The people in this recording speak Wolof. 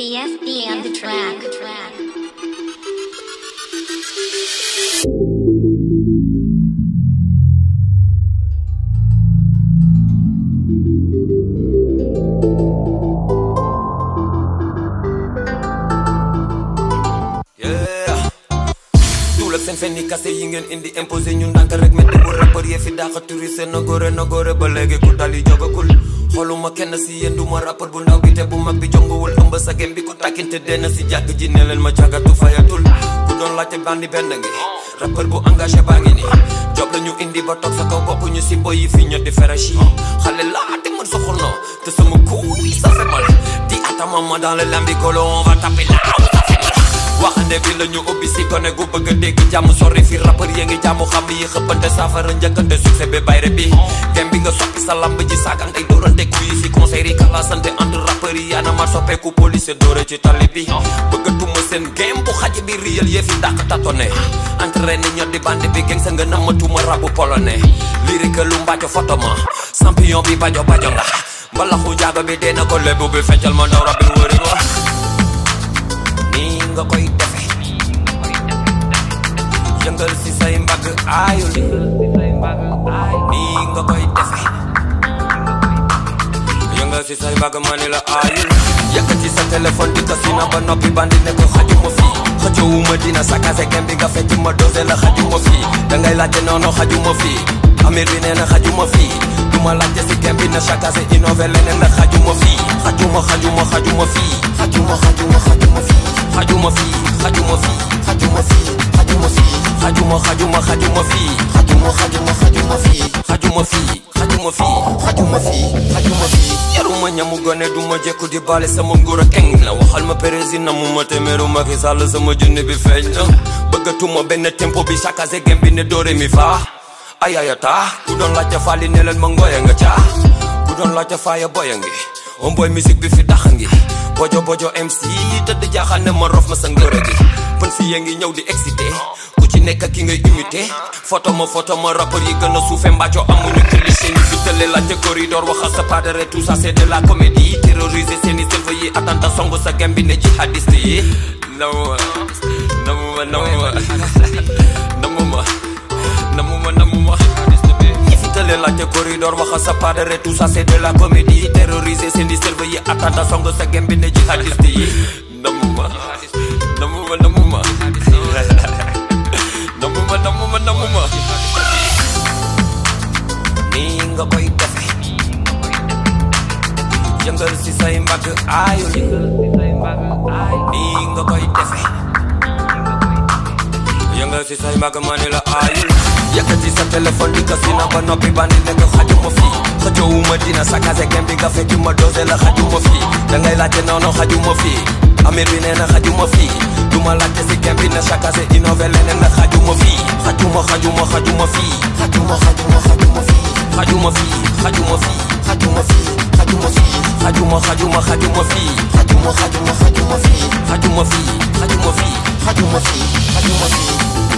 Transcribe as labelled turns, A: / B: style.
A: BFB on the track. seen fen ni kase yi ngeen indi imposé ñu ndànk rek metti bu rappeur yi fi dàq turi seen na góore na gore, ba léegi ku dal yi jogagul xooluma kenn si yéen du ma rappeur bu ndaw bi te bu mag bi jongawul ba sa gem bi ku takkinte denn si jàkk ji ne leen ma jàggatu fayatul ku doon laajte bandi benn ngi rappeur bu engagé baa ngi ni job la ñu indi ba toog sa kaw bopp ñu si boy fi ñëw di ferashi xale laa te mën soxor no te sama kuuy sa femal di atama ma dans le lambicolo on va taper là Wah bi lañu ñu ubbi si kone gu bëgg dégg jàmm sori fi rapper yi ngi jàmm xam yi xëppante saafara njëkkante succès bi bayre bi dem bi nga soppi sa lamb ji saakang ay doorante kuy si conseil yi kalasante entre rapper yi ana ma ku police ci ya, tali bi bëggatuma seen game bu xaj bi riyal yee fi tatone entraîné ñor di bande bi geng sa nga namatuma rabu polone lyrique lu mbàcco photo ma champion bi bajo bajo nga balaxu jaaga bi dee na ko lebu bi fetal mo ndaw rabbi wori ni nga koy aayul nii nga koy defe yëngal si say mbagg ma ni la aayul yëkkati sa téléphone di tasina ba noppi bandi ne ko xaju ma fii xëccoowuma dina sa kase kem bi nga fecc ma dose la xaju ma fii dangay laajte noonu xaju ma fii amir bi nee na xaju ma fii duma laajte si kem bi na sa kase innové leneen na xaju ma fii xaju ma xaju ma xaju ma fii xaju ma xaju ma xaju ma fii xaju ma fii xaju ma fii xaju ma fii Hajumu, hajumu, hajumu fi hajumu, hajumu, hajumu fi hajumu fi, hajumu fi hajumu fi, hajumu fi yaruma ñamu gone duma jekku di baale sama ngóor a keng na waxal ma président mu ma téméru Macky Sall sama junne bi feeñ na bëggatuma benn tempo bi sakase gem bi ne doore mi faa ayayata ku doon laajte faali ne leen ma ya nga caa ku doon laajte faaya omboy ya bi fi bojo bojo MC tëdd jaaxal ne ma rof ma gi ya ngi di excité ci nekk ki ngay imité photo ma photo ma rappeur yi gën a suufe mbàcco amuñu kili seen i la laajte corridor waxa sa padare tout ça c'est de la comédie terroriser seeni selva yi attentat song sa gem bi ne jihadiste yi namu ma namu ma namu ma namu ma namu ma vitale laajte corridor waxa sa padare tout ça c'est de la comédie terroriser seeni selva yi attentat song sa gem bi ne jihadiste yi namu yëngal si say mbagg aayul nii nga koy defe yëngal si say mbagg ma ne la Ya kati sa téléphone di ko si na ba noppi bandi nekk xaju ma fii xëjoowu ma dina sa kase gem bi nga fekki ma dose la xaju ma fii dangay laajte noonu xaju ma fii amir bi na xaju mo fi. du ma laajte si gem bi na sa kase innové leneen na xaju ma fii xaju ma xaju ma xaju ma fii xaju ma xaju ma Hajuma fi, Hajuma fi, Hajuma fi, Hajuma fi, Hajuma Hajuma Hajuma fi, Hajuma Hajuma Hajuma fi, Hajuma fi, Hajuma fi, Hajuma fi, Hajuma fi.